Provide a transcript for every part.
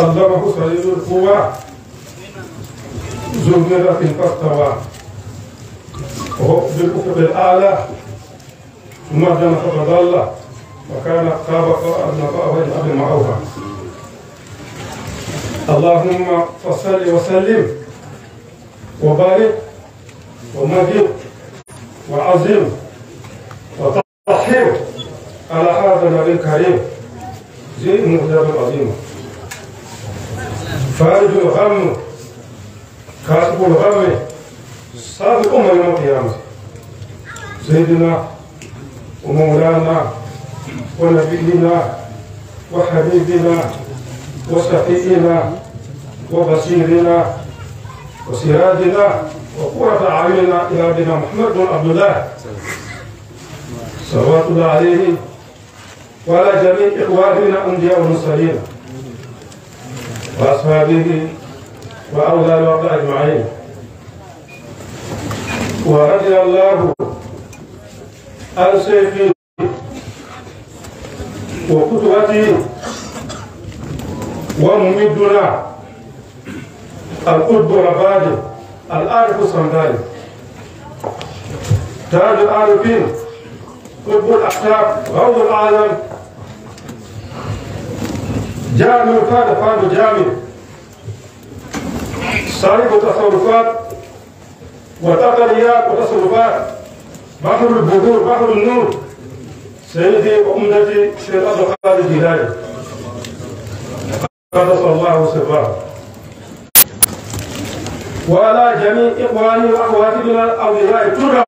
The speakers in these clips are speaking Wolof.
علمه سيد القوى ذو مرة فاستوى وهو بالأفق الأعلى ثم دنا فتضلى وكان خاب نفاه إلى أبي معوفة اللهم فصل وسلم وبارك ومجد وعظم وطهر على هذا النبي الكريم ذي المهجر العظيمه فارج الغم كاتب الغم صادق يوم القيامة سيدنا ومولانا ونبينا وحبيبنا وسقينا وبصيرنا وسراجنا وقرة عيننا إلى بنا محمد بن عبد الله صلوات الله عليه وعلى جميع إخواننا أنبياء المرسلين وأصحابه وأولى الوقت أجمعين ورضي الله عن سيفي وقدوتي وممدنا القطب رباجي العارف صندالي تاج العارفين قطب الأحساب غوض العالم جامع كان فان جامع صاحب تصرفات وتقنيات وتصرفات بحر البذور بحر النور سيدي وأمتي شيخ عبد القادر الجيلاني قدس الله سره وعلى جميع إخواني وأخواتي من الاولياء ترى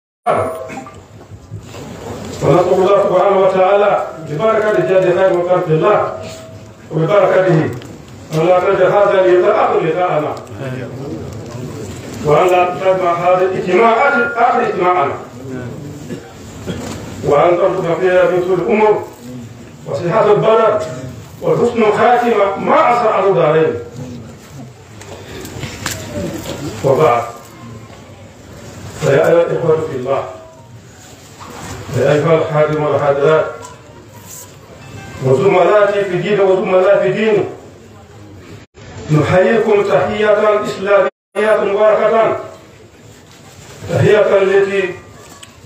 ونسأل الله سبحانه وتعالى ببركة رجال الله وبركته أن لا تجعل هذا اللقاء لقاءنا وأن لا تجمع هذا الاجتماع آخر اجتماعنا وأن ترفض فيها بنت الأمور وصحة البلد وحسن الخاتمة ما أسرع دارين وبعد فيا أيها الإخوة في الله يا أيها الحاكم والحاضرات وزملائي في دين وزملائي في دين نحييكم تحية إسلامية مباركة تحية التي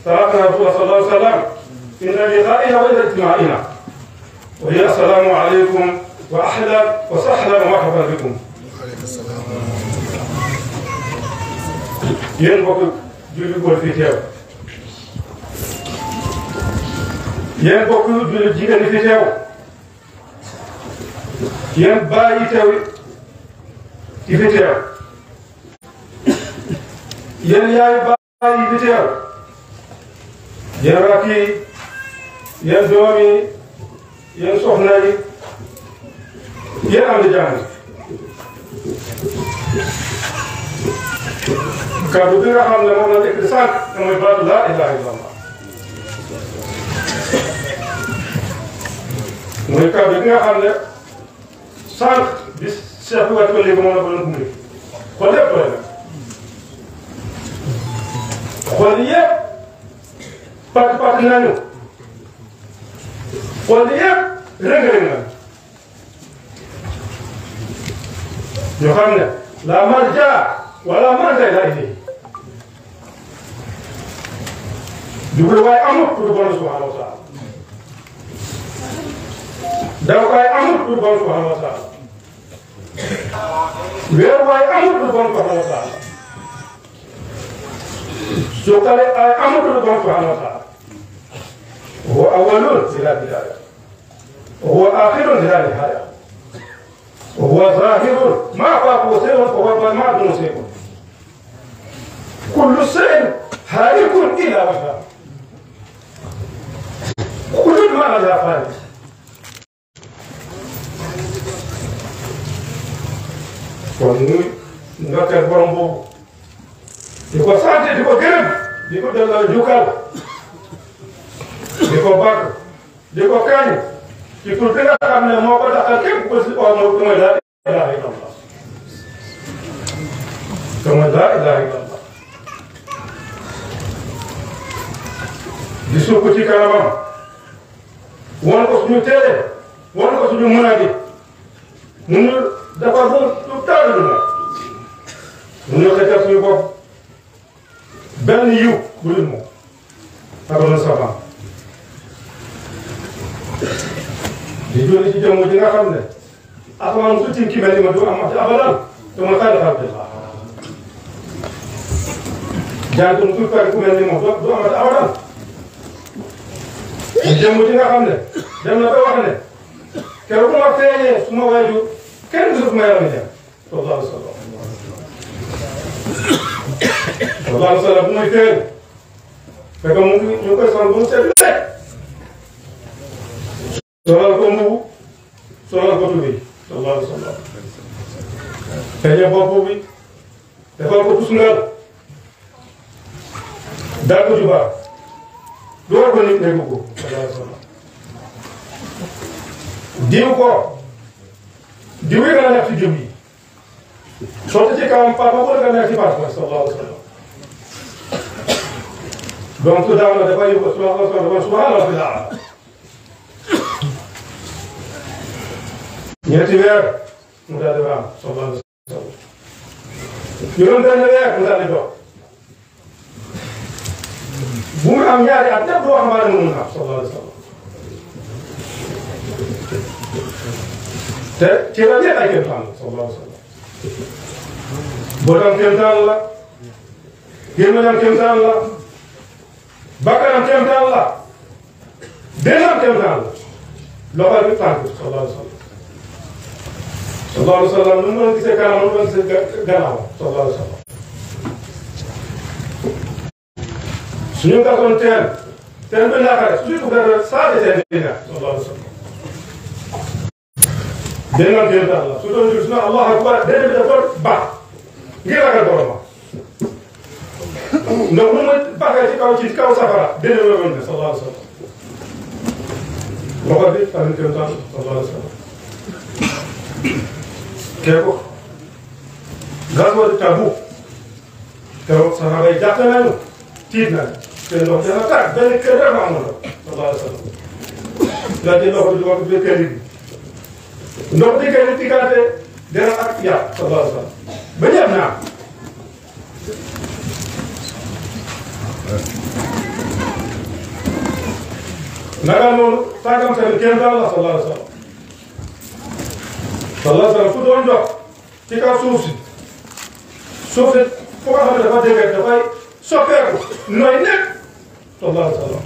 رسول الرسول صلى الله عليه وسلم إلى لقائنا وإلى اجتماعنا وهي السلام عليكم وأحلى وسهلا ومرحبا بكم yéen mbokk julli góor fi teew yéen mbokk julli jigéen yéen bàyyi yi teew yi fi teew yéen yaay bàyyi yi fi teew yéen rakk yi yéen doom yi am di jàng kàddu bi nga xam ne moom la nekk di sànq te mooy baatu laa ilaha illallah mooy kàddu bi nga xam sànq bi Cheikh bi wàcc ko léegi moom la ko doon gunge xool yëpp pare na xool yëpp pàcc pàcc nañu xool yëpp rëng-rëng na yoo xam ne la marja wala marja laa ilayhi jubluwaay amul pour borom subhanahu wa def waaye amul lu bon subhanahu wa taala weer waaye amul lu bon subhanahu wa taala sukkale ay amul lu bon subhanahu wa taala هو أول في هذه الآية وهو آخر في هذه الحياة وهو ظاهر ما فاقه شيء وهو ما دون شيء كل شيء هالك إلى وجهه كل ما لا فارق kon muy ndokkeel borom boobu di ko sant di ko gërëm di ko delloo njukkal di ko bàkk di ko kañ ci tur bi nga xam ne moo ko dàqal képp ku si oo mooy mooy laa ilaaha illallah te mooy laa ilaaha illallah di sukk ci kanamam wan ko suñu teele wan ko suñu mën a gi mu ñu defar bu dara lu moom ñu xëccal suñu bopp benn yiw bu dul moom ak na sama di julli ci jëmm ji nga xam ne asamaan su tiim ki mel ni ma du am wax ci abadan te ma xayma xar bi jaajëf su fekkee ku mel ni moom du amati abadan jëmm ji nga xam ne dem na ba wax ne keroog ma feeñee su ma waajur kenn gisul ma yaram jëm sallallahu alayhi wa sallam sallallahu alayhi wa sallam bu may téer fekk mu ngi ñu koy sol bu mu seet rek solal ko mbubu solal ko tubi sallallahu alayhi wa sallam teñe bopp bi defal ko tusngal daal door nit nekk ko sallallahu alayhi wa sallam diw ko diw yi nga nekk ci jub soo tëjee kawam papa bu la gën ci baax ma sallallahu alayhi wa sallam donc daaw la dafay yóbbu subhaana rabbil subhaana rabbil aala ñetti weer mu daal di am sallallahu alayhi wa sallam juróom benn weer mu daal di dox bu mu am ñaari at ñett boo xamante ne mu am sallallahu alayhi wa sallam te ci la ay kenn xam sallallahu alayhi wa sallam botam kemtaan la gémmiñam kemtaan la bakkanam kemtaan la déenam kemtaan la loxo bi tànk sallallahu alayhi wa sallam sallallahu alayhi wa sallam nu mu doon gisee kanam nu mu doon gisee gannaaw sallallahu alayhi wa sallam suñu gasoon dinañ gën a allah su doon jur suñu allah akbar dana bi dafa baax ngir ragal borom ndax mu ma baaxee ci kaw ci kaw safara dina ma woon ne sallallahu alayhi wa sallam waxal bi ak ñu tan sallallahu alayhi wa sallam kee ko gaswa di tabu keroog sahaba yi jàpp nañu tiit nañu te ndox dana tàgg benn kër rek ma amoon la sallallahu alayhi wa sallam daal di loxo di wax biir kër yi Nobody can look at it. There are, yeah, Sabasa. William now. Nagano, Takam said, Kendala Salasa. Salasa, put on job. Take out Susi. Susi, 400 of the day, the way. So, no, I never. Salasa.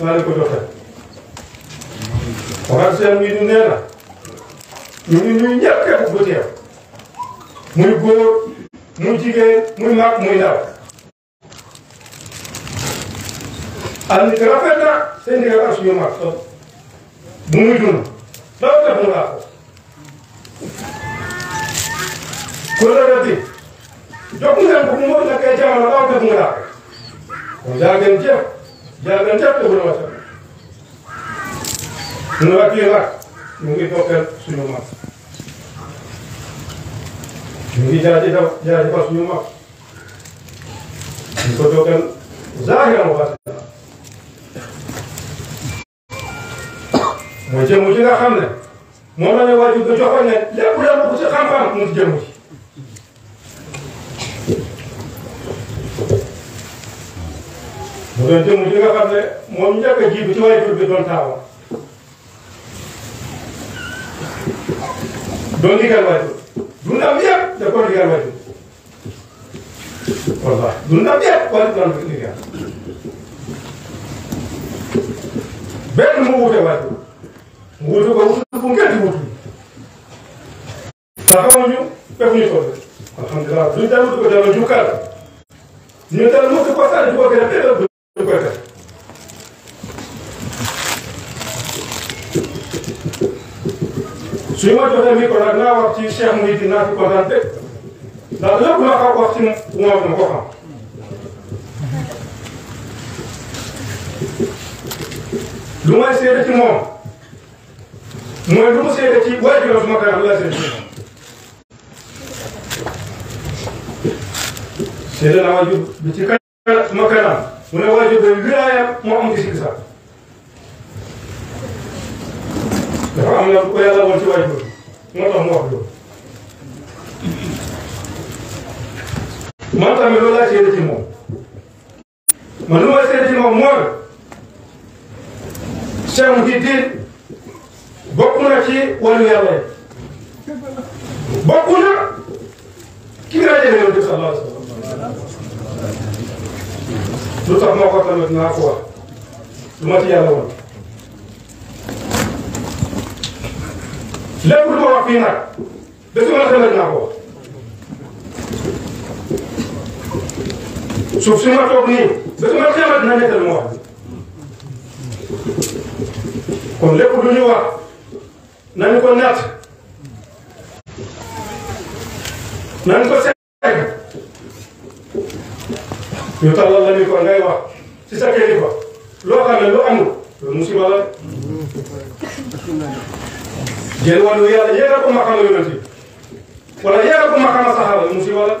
naa leen ko joxe. waaw seen mbir mi nee na ñu ngi ñuy ñëpp képp ku teew muy góor muy jigéen muy mag muy ndaw. am nit rafet na seen ndigal ak suñu mag bu muy dund loolu def na laa ko. kóllëre bi jox ngeen ko mu mën na kay jamono loolu def na laa ko kon daa ngeen jeex. jàngal jàpp bu na wasa nu ak yu mag mu ngi bokkal suñu mag ñu ngi jaajëfal jaajëfal suñu mag ñu ko bokkal zaahiran wa baatinan mooy jëmm ci nga xam ne moom la ñu waajur ba joxoon ne lépp la ko ci xam-xam mu ci jëmm ci mu doon jëmm ji nga xam ne moom njëkk a jiitu ci waajur bi doon taawam doon digal waajur dundam yëpp da koo digal waajur wallaahi dundam yëpp wala doon digal benn mu wute waajur mu wute ko wute bu ngeen di wute ndax xamuñu fekkuñu tool alhamdulilah duñ dal wute ko delloo jukkal ñu dal wute ko sànni ko suñu ma joxee micro nag naa wax ci Cheikh Mouhidine naa fi kontaan de ndax lépp ma xaw wax ci moom ma ko xam lu may seede ci moom mooy lu mu seede ci waajuram su ma koy wax laa seede ci moom seede naa waajur bi ci kanam ma kanam mu ne waajur de wilaaya moo am ci sikisa dafa am na ku yàlla woon ci waajur moo tax mu wax loolu man tamit loolu laa seede ci moom man lu ma seede ci moom mooy Cheikh Mouhidine bokk na ci wàllu yàlla yi bokk na ki nga jëlee yow sallallahu alayhi wa sallam lu tax moo ko tamit naa ko wax lu ma ci yàlla woon lépp lu ma wax fii nag dëgg ma tamit naa ko wax si ma toog nii dëgg ma tamit na nekk lu ma wax kon lépp lu ñu wax nañu ko naat nañu ko seet ñu tallal la micro ngay wax ci sa kilifa loo xam ne lu amul loolu musiba la jël wàllu yàlla yéegal ko maqaama yonent yi wala yéegal ko maqaama saxaaba musiba la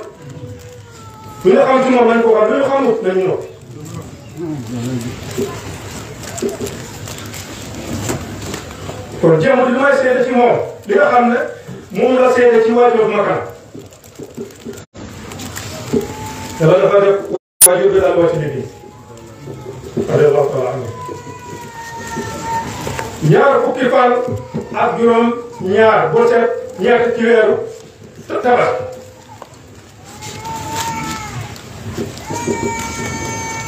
lu ñu xam ci moom nañ ko wax lu ñu xamut nañu noppi kon jéem li may seede ci moom li nga xam ne moom la seede ci waajur makana yàlla dafa def waajur bi daal wàcc na nii radiyallahu taala anhu ñaar fukki fan ak juróom ñaar boo seet ñeent ci weeru tabax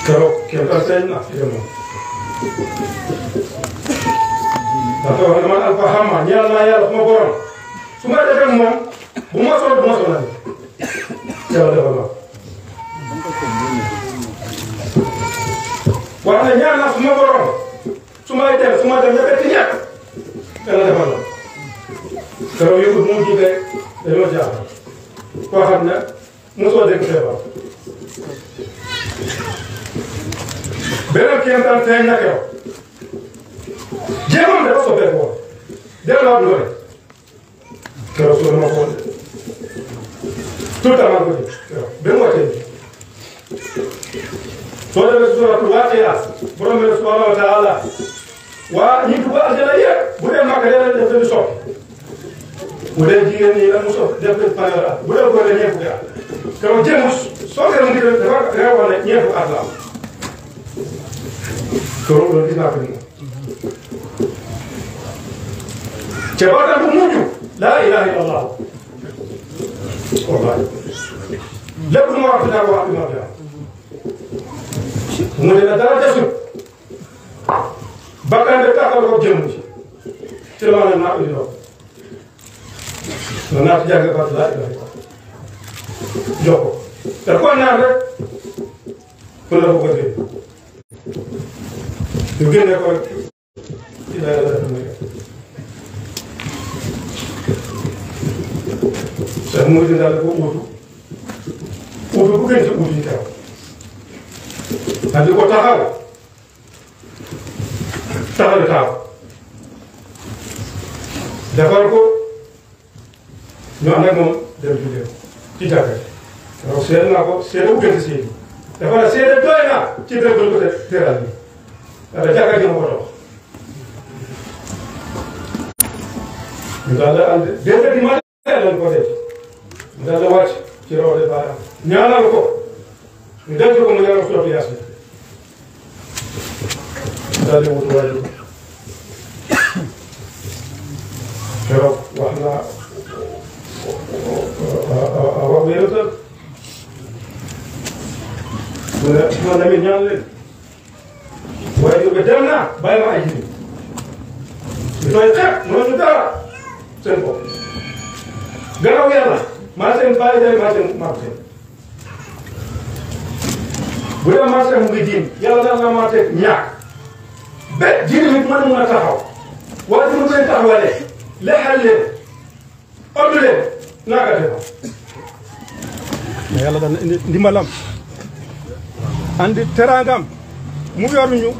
keroog kenn moom dafa wax ne man ma borom su ma defee moom bu ma soxla bu ma soxla yàlla waaye ñaan naa suma borom su may dem su ma dem ña bett ñett yàlla defal na keroog yëngu mu jiite dañoo jaar koo xam ne mosoo dégg feebar beneen kii tam feeñ na keroog jéemam dafa soppeeku woon delloo am doole keroog su ma ko woon tout à ko ji keroog ba mu wàccee soo demee suratul waaqiya borom bi wa taala waa ñi dugg aljana yëpp bu dee màkk dana def dañu sopp bu dee jigéen ñi la mu sopp def dañu fanweeri at bu dee góor la ñeent fukki at keroog jéemus soo gën a ngi dafa dafa wax ne ñeent fukki at la am keroog loolu gis naa ko nii ca baatam bu mujj laa ilaha illa allah wallahi lépp lu ma wax dinaa ko wax dinaa ko mu ne la dara desul bakkan de taxal ko jëm ci ci loolu naa indi doom naa ci jàng baat laa ilaha illa jox ko te ko ñaan rek pour la ko ko dégg ñu génne ko rek ci la la dama yëg Cheikh Mouridine daal ko uutu uutu bu gën ci uutu ñu teew daal di ko taxaw taxaw taaw defar ko ñu ànd ak moom dem jullee ko ci jàkka ji donc seet naa ko seet bu gën si dafa ne seet doy na ci béréb bu ñu ko teral bi daal di jàkka ji ma ko dox ñu daal di ànd déedéet ma lañ ko def mu daal di wàcc ci rawatina baaraam ñaanal ko ñu denc ko mu ñaanal ko jox yaas bi daal di wut waajur keroog wax naa wax nga yëpp mu ne man tamit ñaan leen waajur bi dem naa bàyyi ma ay ji bi tooy xepp mënuñu dara seen bopp gannaaw yàlla maa seen bàyyi day maa seen maa seen bu dee maa seen mu ngi jiin yàlla daal naa maa teg ñaar ba jullit mën mun a taxaw waaye su ma koy taxawalee leexal leen oddu leen naa ko defal. mais yàlla dana indi ndimbalam andi teraangam mu yor ñu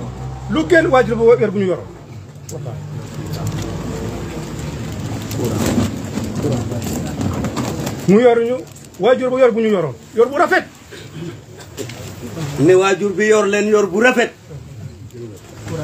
lu kenn waajur bu wér bu ñu yoroon wallaahi. mu yor ñu waajur bu yor bu ñu yoroon yor bu rafet. ne waajur bi yor leen yor bu rafet.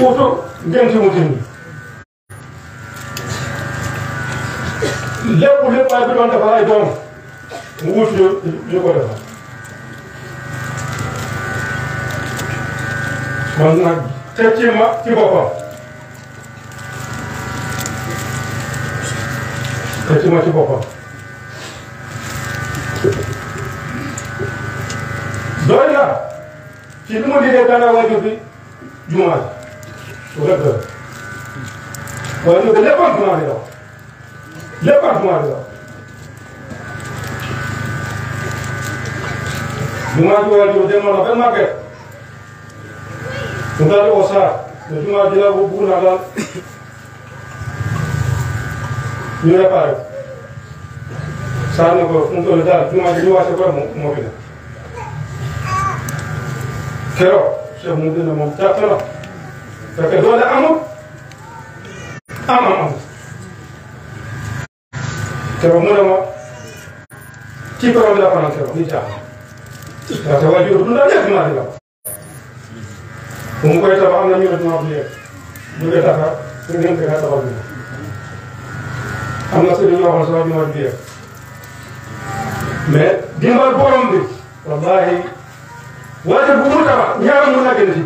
കൂട്ടു denc mu jëm lépp lépp ay bi doon defar ay doom mu wut ñu ñu ko man nag teg ci ma ci boppam teg ci ma ci boppam doy na ci li ma liggéey gannaaw waajur bi jumaa ji o rek waaye ñoo ko léppal jumaa di daw léppal jumaa di daw jumaa ji waaye joo demoon na benn màgget mu daal di oo saa ne jumaa ji laa ko bugg naa daal ñu réparé ko saa ne ko fu mu toll daal jumaa ji ñu ko rek moo fi ne keroog Cheikh mu gën a moom tàttala fekk doole amul am am amul keroog mu ne ma ci borom bi la fanaan keroog di caax ndaxte waajur du ndax nekk maa di la bu mu koy tabax am na ñu ne maa bu yegg ñu ngi taxa ñu ngi fekk tabax bi am na sëriñ yoo xam sama jumaa bi yegg mais dimbal borom bi wallahi woote bu mu tabax ñaar mun naa gën a ci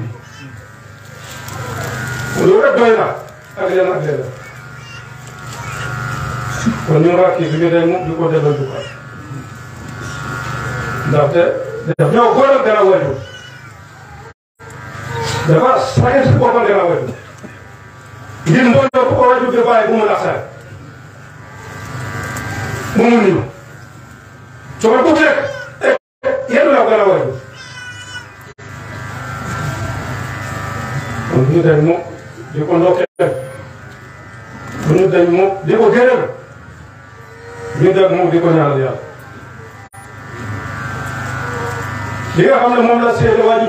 bi loolu rek doy na ak lenn ak lenn kon ñun waa kii bi ñu day moom di ko delloo du ko ndaxte daf ñoo góoram dara si boppam dara waju ngir mbooloo bu ko waju bi bàyyi bu mu naxsaay bu mu niw coono bu nekk du ñu dañ mu di ko ndokkeel du ñu dañ mu di ko gërëm ñu dañ mu di ko ñaanal yàlla li nga xam ne moom la seede waa ji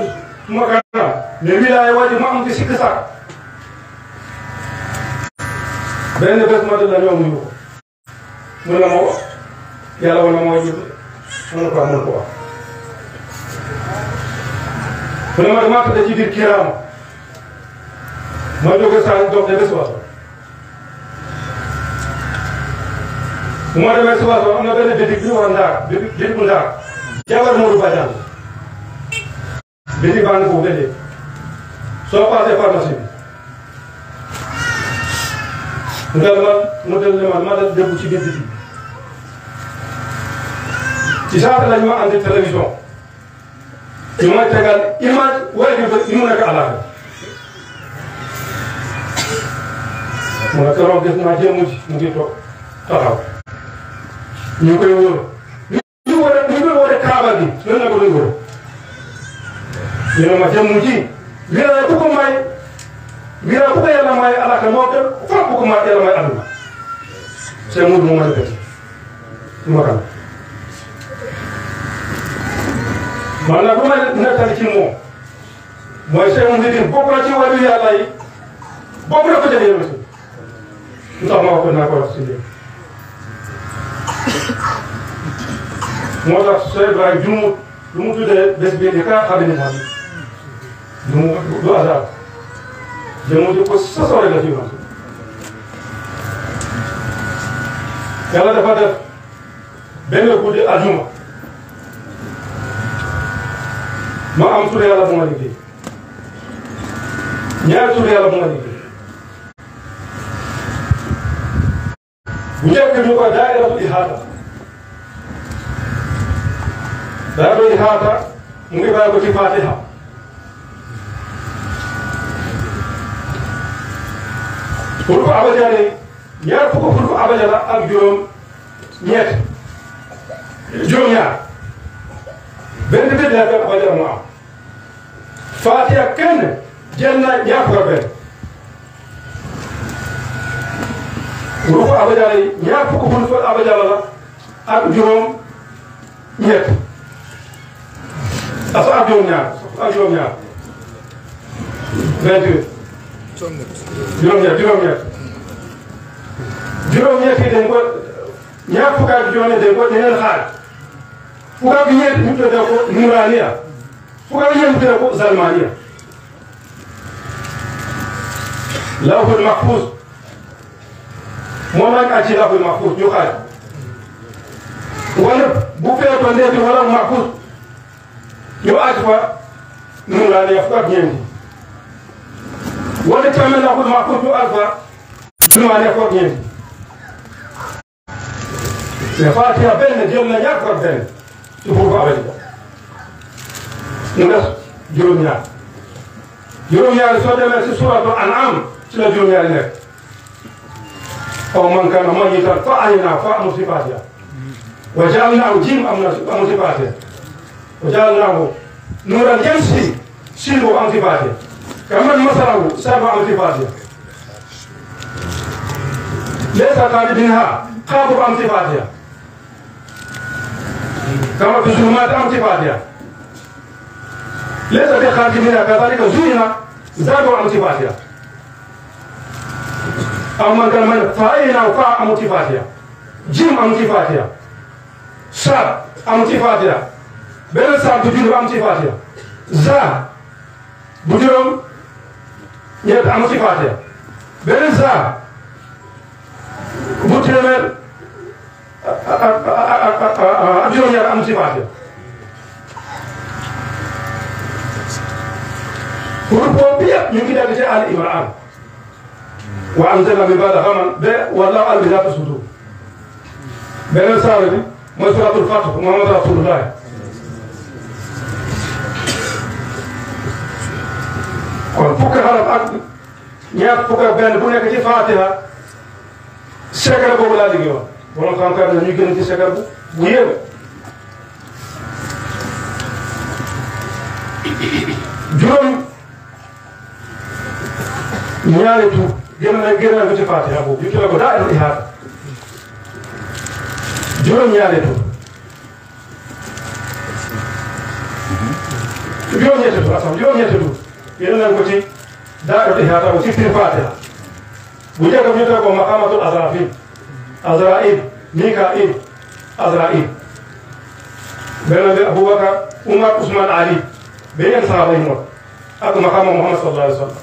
ma gànnaaw ne wilaay waa ji ma am ci sikk sax benn ma dëgg la ñoom ñu ko mun na ma wax yàlla wala ma wàññi mun ko amoon ko wax. mu ne ma damaa tëdd ci biir kiraama ma jóge Saalum toog ca bés ba bu ma demee suba ba am na benn bitik bi ñu wax Ndaar bitik bitik bu Ndaar. jabar Modou Badiane la. bitik baa ngi foofu léeg-léeg soo passé pharmacie bi. nga man mu dem ne man ma dal déglu ci biir bitik bi. ma tegal image mu ne keroog gis naa jëmm ji mu ngi toog taxaw ñu koy wóor ñu ñu war a ñu koy wóoree kaaba gi lan la ko doon wóor ñu ne ma jëmm ji wilaaya bu ko may wilaaya bu ko yàlla may alaka moo gën fop bu ko may yàlla may àdduna seen mud moo mën a gën ma kan man nag bu ma nekkal ci moom mooy seen mudin bokk na ci wàllu yàlla yi bokk na ko jëlee lu tax ma wax ko naa ko wax si biir moo tax sooy Ibrahima ju mu lu mu tuddee bés bii di kaa xam ne xam du mu du hasard jëmoo di ko sasoo rek la fi wax yàlla dafa def benn guddi àjjuma ma am tur yàlla bu ma liggéey ñaari tur yàlla bu ma liggéey bu njëkk bi ñu koy daayiratul ihaata daayiratul ihaata mu ngi bàyyi ko ci Fatiha pour ko abajaane ñaar fukk pour ko abajana ak juróom ñeent juróom ñaar benn benn laa benn abajana mu am Fatiha kenn jël na ñaar fukk ak benn groupe abajala yi ñaar fukk groupe abajala la ak juróom ñett aso ak juróom ñaar ak juróom ñaar vingt huit juróom ñett juróom ñett juróom ñett yi dañ ko ñaar fukk ak juróom ñett dañ ko dañ leen xaaj fukk ak ñeent ñu tuddee ko nuraaniya fukk ak ñeent ñu tuddee ko zalmaaniya lawhul mahfuz moomañ acci laful mahfuz juxaay wala bu feeto ndeeti walan mahfuz yo aci fa nun laa ne fukk ak ñeenti wala camen laful mahfuz yo aci fa nun laa ne fukk ak ñeenti mais Fatiha benn jël na ñaar fukk benn ci furfu abadi mu des juróom-ñaar juróom-ñaar soo demee si suratul ci la juróom-ñaar nekk أو من كان ميتا فأحييناه فأمر وجعلناه جيم أمر صفاتها وجعلناه نورا يمشي سيلو عن صفاته كمن مثله سبع عن صفاته ليس طالبينها قابوا عن صفاتها كما في الظلمات عن ليس بخارج منها كذلك زينا زادوا عن صفاتها aw man kana man fa ina fa amu ci fatiha jim amu ci fatiha sa amu ci fatiha beneen sa bu junni ba amu ci fatiha za bu juróom ñeent amu ci fatiha beneen za bu téeméer ak juróom-ñaar amu ci fatiha groupe boobu yëpp ñu ngi dellu ci Al Imran wa anzalna min ba'di ghaman be wallahu alim bi zaati sudur beneen saar bi mooy suratul Fath Muhammad rasulullah kon fukki xaraf ak ñaar fukki benn bu nekk ci Fatiha sekar boobu laa liggéey woon borom xam-xam dañuy gën ci sekar bu bu yéeme juróom ñaari tur génn na génn na ko ci Fatiha boobu yëkkale ko daa dul ihaada juróom-ñaari tur juróom-ñetti tur asam juróom-ñetti tur génn nañ ko ci daa dul ihaada bu ci biir Fatiha bu njëkk bi ñu teg ko maqamatul azrafil azrail mikail azrail benn bi Aboubacar Umar Ousmane Ali beneen saaba yi moom ak maqama Muhammad sallallahu alayhi wa sallam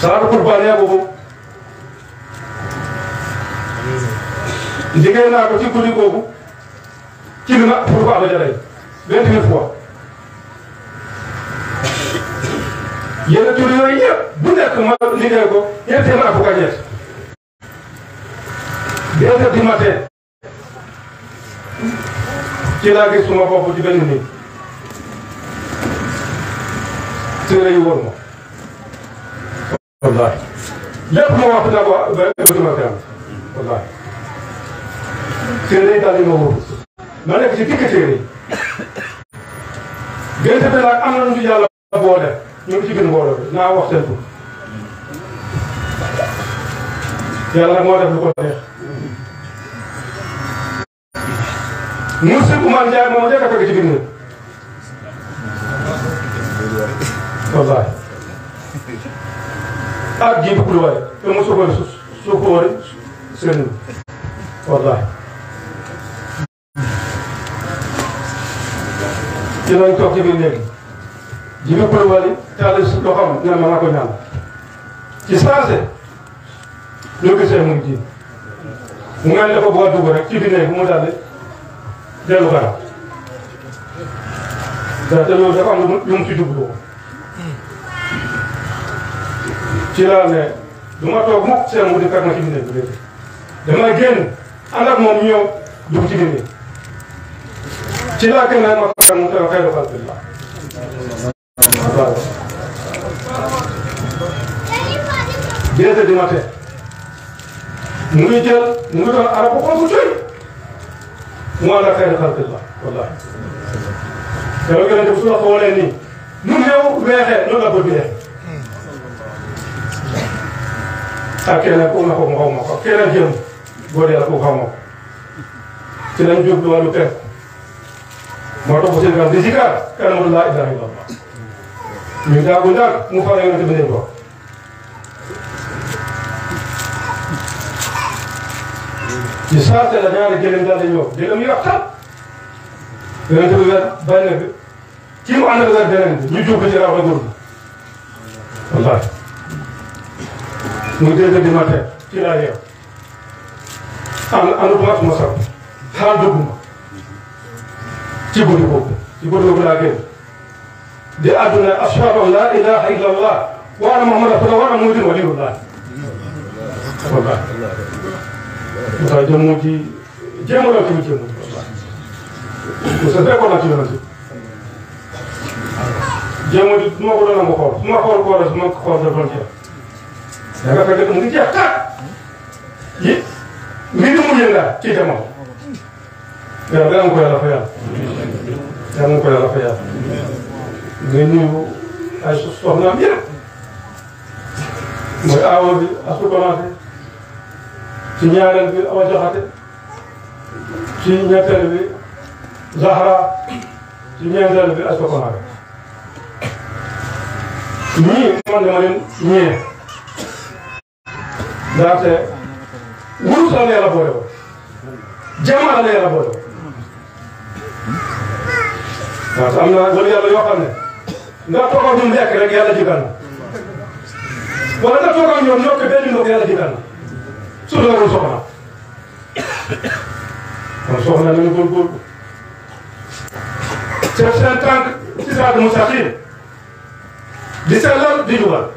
saatu kurbaneegugu liggéey naa ko ci guddi googu ci li ma pour ko am a jaray vingt mille fois yenn tur yooyu yëpp bu nekk ma liggéey ko ñetti téeméer ak fukk ak ñett deux heures du matin ci laa gis suma bopp ci benn nit téere yi wóor والله lépp moo wax d' abord bëgg ma fenn wallaahi téere yi daal di não wóor ma nekk ci dikk téere yi gerte bi nag am na lu yàlla boole ñu ngi ci gën boole bi naa wax seen ko yàlla nag moo def lu ko neex Moussa Oumar Ndiaye moom njëkk aat jii bëgg lu waay te mosoo ko soo ko war a sëriñ wallaahi dinañ toog ci biir léegi ji bi bëgg wàll taal si loxoom ne ma naa ko ñaan ci saase ñoo gisee mu ngi ji mu ngeen dafa bëgg a dugg rek ci biir néeg mu daal dellu garab te loolu dafa am lu mu lu mu ci jublu ci laa ne du ma toog mukk seen mu di fekk ma ci biir bi damay génn ànd ak moom ñëw dugg ci biir ci laa gën a ma fekk mu teew xëy na xel bi waaw. deux heures du matin mu ngi jël mu ngi doon arab bu xonk bu tëj mu ànd ak xëy na xel bi wallaahi. dama gën a def su la xoolee nii nu mu yow weexee noonu la bët bi def. ak keneen ku ma ko ma xaw ma ko ak keneen jëm ku xaw ma ko ci lañ jóg du moo tax ba seen kanam di zikar kanamu laa ilaaha illallaah ñu daagu ndaag mu fara yonent bi neen ko ci saa la ñaari gëlëm daal di ñëw gëlëm yi waxtaan yonent bi weer benn bi kii mu ànd ak weer beneen bi ñu jóg ci rawatina wallaahi muy deux heures du matin ci laa yeew ànd ànduma ak suma sàpp xaal dugguma ci guddi boobu ci guddi boobu laa génn di àdduna ashhadu an laa ilaaha illa allah wa anna muhammad rasulullah wa anna muhammadan waliyullah wallaahi musaa jëmm ji jéem a la tuuti jëmm musaa fekkoon naa ci yonent jéem a di ma ko doon nangu xool ma xool ko wala su xool dafa doon danga fay def mu ngi jeex xaar yi mbir mi mu yëngaa ci jamono. yàlla nga am ko yàlla fa yàlla. yàlla nga ko yàlla fa yàlla. nga ñëw ay soxnaam yëpp. mooy awa bi asu commencé. ci ñaareel bi awa joxate. ci ñetteel bi Zahra. ci ñeenteel bi asu commencé. ñii man dama leen ñee. ndaxte wurus la yàlla boole jama la yàlla boole woon ndaxte am na wala yàlla nga toog ak ñun rek jigal wala nga toog ak ñoom benn ndokk yàlla jigal su soxna soxna ci di sellal kan. di jubal kan.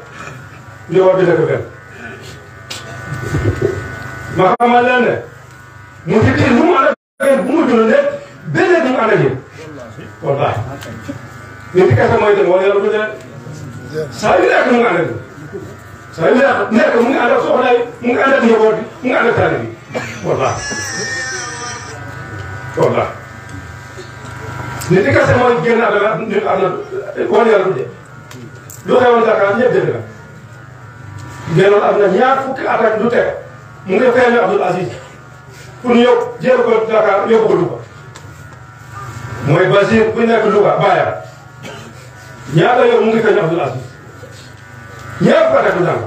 di war di ma xamal leen ne mu fi lu mu ànd ak bu mu dundee ba léegi mu ànd ak yéen wallaahi nit ki kese mooy dem wala yàlla saa yu nekk mu ngi ànd saa yu nekk mu ngi ànd ak mu ngi ànd ak mu ngi ànd ak taalibe bi wallaahi wallaahi nit ki kese mooy génn ànd ak nit ànd ak wala yàlla du dee lu xewoon Dakar gënal am na ñaar fukki at ak lu mu ngi Abdul Aziz pour ñu yóbbu jéem ko Dakar yóbbu ko Louga mooy Basir bu nekk Louga bàyyam mu ngi Abdul Aziz ñaar fukki at ak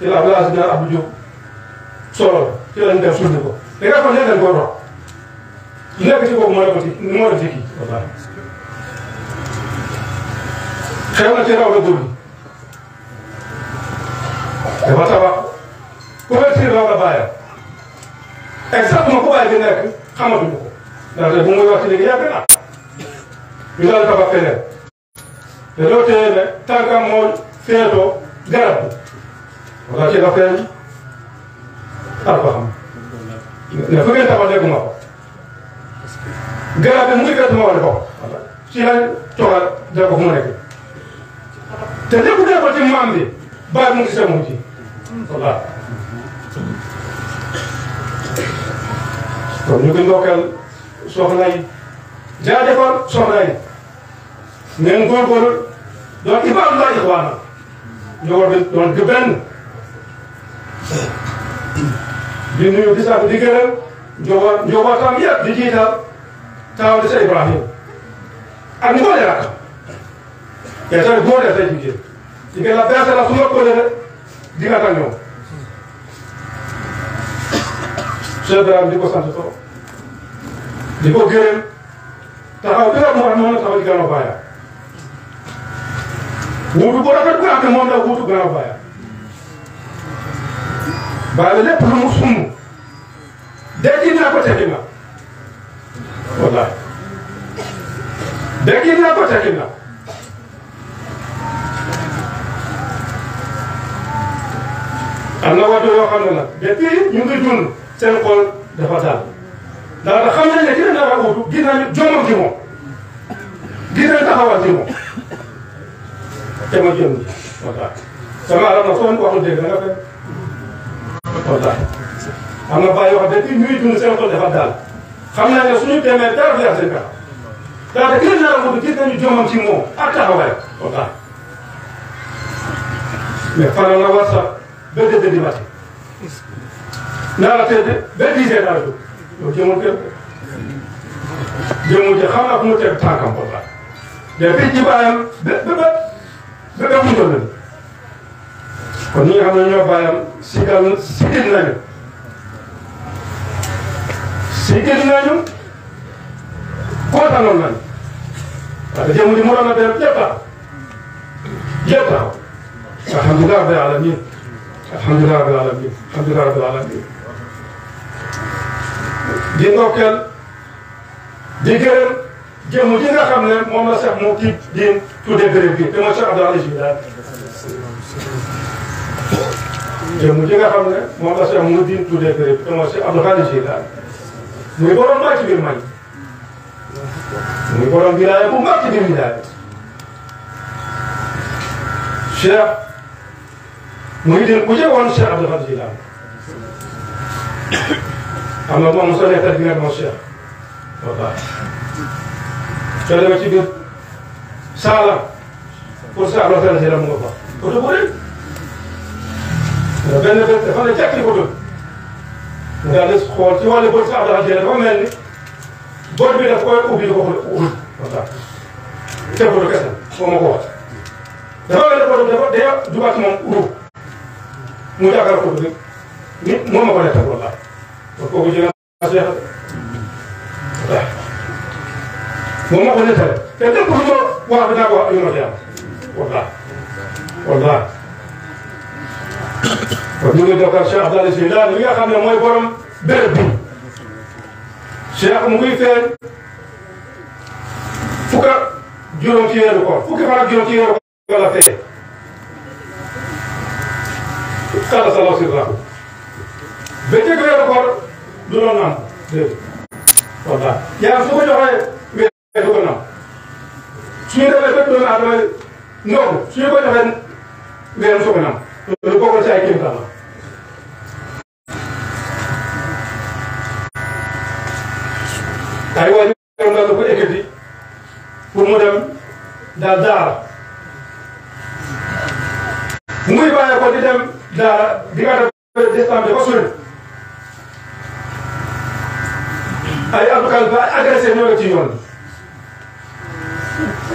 ci Abdul Aziz dina Abdou Diop solo ci lañ def suñu ko da nga ko ne dañ ko rox nekk ci boobu moo ko ci ci ci dafa e tabax couverture la war a bàyyam exactement ku bàyyi bi nekk xamatuñu ko ndaxte bu muy wax ci léegi yàgg na ñu daal tabax feneen te loo téye ne tànkam moo féetoo garab bi wala ci la feeñ albaxam ne fu ngeen tabax dégguma ko garab bi mu ngi féet ma wane ko ci la coogal def ko fu mu te lépp dee ko ci maam bi bàyyi mu ngi semoon ci voilà kon ñu ngi ndokkal soxna yi jaajëfal soxna yi ngeen góorgóorlu doon ibaadullah ixwaana ñu war di doon di benn di nuyu di sàkku di gërëm njóobaa njóobaatam yëpp di di sa Ibrahima ak ñu ko leeral. yaa ngi tànn góor yaa ngi tànn jigéen. jigéen la benn la Binatan yon. Chef de la mdiko san soto. Diko gerem. Taka bela mwa nan taka di gana baya. Wudu k o u a kat k a a ake mwanda wudu gana baya. Baya le pulu musumu. Deki na kote kina. Wallahi. Deki na kote kina. am na waxtu yoo xam ne nag depuis ñu ngi dund seen xol dafa daal daanaka xam nañ ne ki leen dara wutu gis nañu jomam ci moom gis nañ te sama alam nag soo waxul dégg nga fekk wallaahi am na bàyyi wax depuis ñuy dund seen xol dafa daal xam nañ ne suñu demee dara du yàq seen kanam daanaka ki leen dara wutu gis nañu jomam ci moom ak taxawaayam wallaahi ba deux heures du matin. naa la tëdd ba dix heures naa la jóg yow jëmul kër jëmul kër xam naa fu mu teg tànkam ko baax mais fii ci baayam ba ba ba ba mu toll nii kon ñi nga xam ne ñoo baayam sigal sigil nañu sigil nañu kontaanoon nañu parce que jëmu ji mu doon na dem jëpp taxaw jëpp taxaw alhamdulilah rabbil alamin alhamdulilah rabbil alamin alhamdulilah rabbil alamin di ndokkeel di gërëm jëmm ji nga xam ne moom la sax moo kii di tuddee béréb bi te mooy Cheikh Abdou Aziz Daal jëmm ji nga xam ne moom la sax mu di tuddee béréb bi te mooy Cheikh Abdou Aziz Daal muy borom maa ci biir man muy borom wilaaya bu mag ci biir wilaaya Cheikh muridin bu jóg woon Cheikh Abdou Khadre Jilaani xam nga moom soo dee tër bi nga moom Cheikh ba baax soo demee ci biir Saalam pour Cheikh Abdou Khadre Jilaani mu nga fa oto bu rëy benn benn dafa ne jàkk ci oto nga des xool ci wàllu bët Cheikh Abdou Khadre Jilaani dafa mel ni bët bi daf koy ubbi ko ubbi ba baax te oto kese moo ma ko wax dafa mel ne oto dafa day jubaat moom ubbi mu yaakaar ko dëgg nit moom ma ko nettal wallaahi kon kooku ci la seexal waaw moom ma ko nettale te lépp lu ma wax dinaa ko wax yomal yàlla wallaahi wallaahi kon ñu ngi dokar Cheikh Abdoulaye Sy laa mi nga xam ne mooy borom béréb bi Cheikh mu ngi feeñ fukk ak juróom ci weeru koor fukki fan ak juróom ci weeru koor la feeñ kala sa law si dara bëccëg weeru koor du doon naan déedéet wallaahi yàlla su ko joxee weer du ko naan suñu defee fekk doomu aadama noonu suñu ko joxee weer su ko naan loolu bokk ci ay kéemtaan la ay waajur daal da ko ekkati pour mu dem daal daara da diggante destan dafa sori ay avocat ba agressé ñoo la ci yoon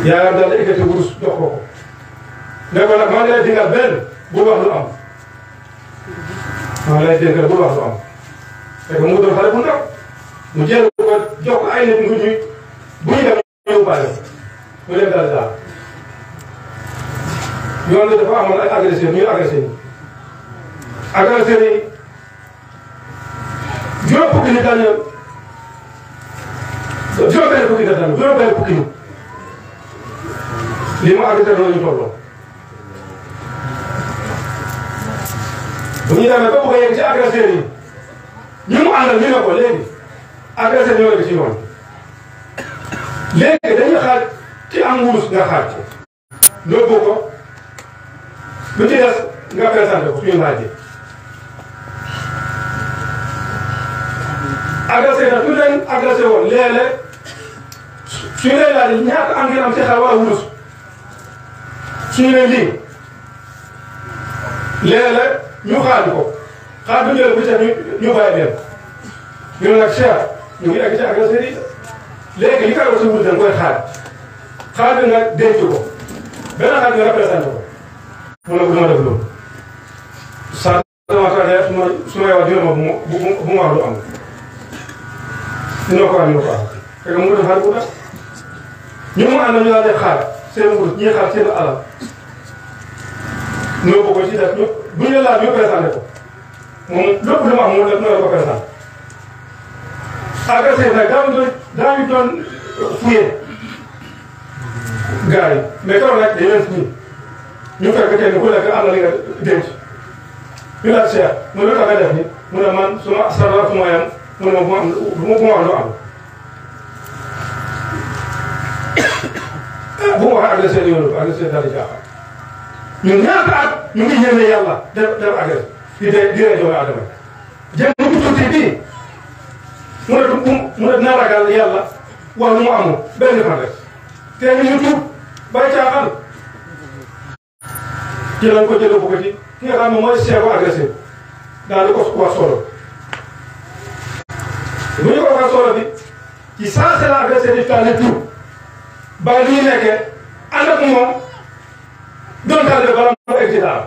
yaakaar daal la ekkati wurus jox ko ko nag maa ngi lay digal benn bu wax lu am maa ngi lay digal bu wax lu am fekk mu doon xale bu ndaw mu jël ko jox ko ay nit ngu ñuy bu ñu dem ñëw bàyyi mu dem daal daal yoon la dafa amoon ay agressé ñu agressé ñu ak seen i juróom fukki nit daan yoon juróom benn fukki nit daan juróom benn fukki nit lii ma Angleterre la a yegg ci agresseurs yi ñu ne ko léegi agresseurs ñoo nekk ci yoon léegi dañuy xaaj ci am nguus nga xaaj ko. lóbbu ko lu ci des nga présenté ko suñu laajee. agressé na ku leen agressé woon léeg-léeg suñu lay laaj ñaata am ngeen am ci xar wala wurus suñu leen lii léeg-léeg ñu xaaj ko xaaj bu jëlee bu ca ñu ñu bàyyi leen ñu ne nag cher ñu ngi egg ci agressé yi léegi li ko agressé wurus dañ koy xaaj xaaj bi nag denc ko benn xaaj bi nga représenté ko. mu ne ko dama def loolu. saa dama ko def su ma su ma yowal dina ma bu mu bu mu wax lu am. ñokowaat ñokowaat kaka mu def xaar bu def ñu mu ànd ñu daan def xaar seen nguur ñii xaar seen alal ñoo bëggoon ci def ñu bu ñu laaj ñu ko moom lépp lu mu am moom def na la ko présenté. agressé nag daañu doon daañu doon fuyee gars yi mais keroog nag dañu leen fuyee ñu fekk kenn ku nekk am na li nga denc ñu laaj cher ko nga def ni mu ne man suma sarala mu ne ma am lu ma wax lu am. bu ma waxee agressé la yoonu agressé daal di jaaxal ñun ñaata at ñu ngi yéene yàlla def def agressé di dee di dee doomu aadama jëm bu tuuti bii mu ne du mu ne dina ragal yàlla wax lu mu amul benn fan rek te ñu tuub bay caaxal jëlaat ko jëlee ko ci ki nga xam ne mooy seeku agressé daal di ko wax solo. bu ñu ko rasoola bi ci sensé la affaire certificat la tur ba li ñu nekkee ànd ak moom dontaal de bala moo egg ci daal.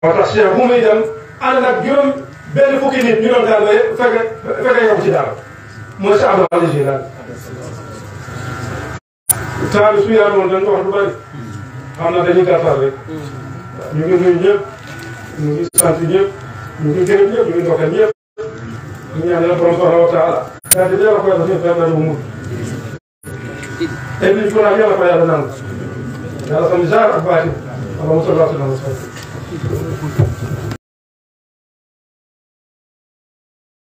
moo tax Cheikh bu muy dem ànd ak juróom benn fukki nit ñu doon daal ba fekke fekke yow ci daal mooy sa abdoulaye Aliou Gila. temps bi su ñu yàggoon dañ ko wax lu bëri xam na dañuy gàttal rek ñu ngi nuyu ñëpp ñu ngi sant ñëpp ñu ngi gërëm ñëpp ñu ngi ndokkal ñëpp. ñi yàlla borom subhanahu wa taala daal di yàlla ko yàlla suñu feebar bu mujj te liñ ko naan yàlla ko yàlla está yàlla xam jaar ak baati allahumma salli ala